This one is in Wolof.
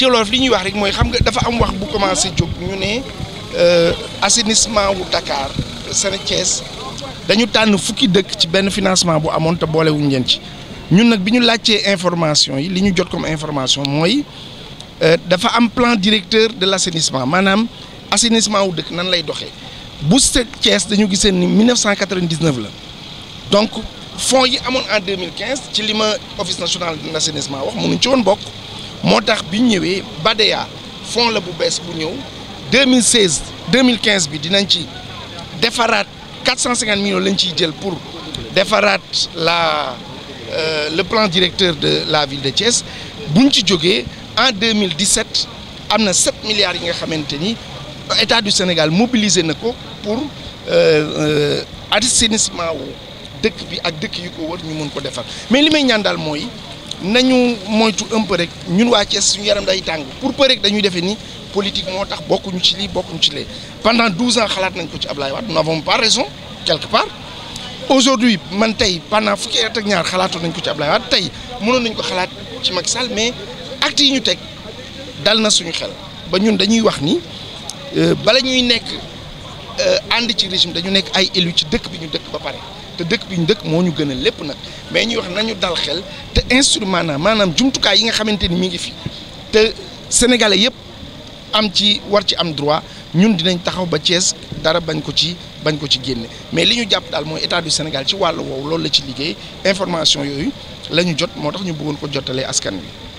ci loolu li ñuy wax rek mooy xam nga dafa am wax bu commencé jóg ñu ne euh, assainissement wu Dakar Séné Thiès dañu tànn fukki dëkk ci benn financement bu amoon te boolewu leen ci ñun nag bi ñu laajtee information yi li ñu jot comme information mooy euh, dafa am plan directeur de l' assainissement maanaam assenisement wu dëkk nan lay doxee bu Séné Thiès dañu gisee ni 1999 la donc fonds yi amoon en 2015 ci li ma office national de l' assainissement wax mënuñ ci woon bokk. moo tax bi ñëwee BADEA fonds la bu bees bu ñëw 2016 2015 bi dinañ ci defaraat 450 millions lañ ciy jël pour defaraat la euh, le plan directeur de la ville de Thiès buñ ci jógee en 2017 am na 7 milliards yi nga xamante ni état du Sénégal mobilisé na ko pour euh, euh, assainissement wu dëkk bi ak dëkk yi ko wër ñu mën ko defar mais li may ñaan daal mooy. nañu moytu un peu rek ñun waa Thiès suñu yaram day tàng pour peu rek dañuy defee ni politique moo tax bokkuñu ci lii bokkuñu ci lee pendant douze ans xalaat nañ ko ci Ablaye Wade nous n'avons pas raison quelque part aujourd'hui man tey pendant fukki at ak ñaar xalaatoon nañ ko ci Ablaye Wade tey mënoon nañ ko xalaat ci mag Sall mais actes yi ñu teg dal na suñu xel ba ñun dañuy wax ni euh, bala ñuy nekk euh, ànd ci régime dañu nekk ay élus ci dëkk bi ñu dëkk ba pare te dëkk bi ñu dëkk moo ñu gën a lépp nag mais ñuy wax nañu dal xel te instrument na maanaam jumtukaay yi nga xamante ni mu ngi fi te sénégalais yëpp am ci war ci am droit ñun dinañ taxaw ba Thiès dara bañ ko ci bañ ko ci génne mais li ñu jàpp daal mooy état du Sénégal ci wàll woowu loolu la ci liggéey information yooyu la ñu jot moo tax ñu bëggoon ko jotalee askan wi.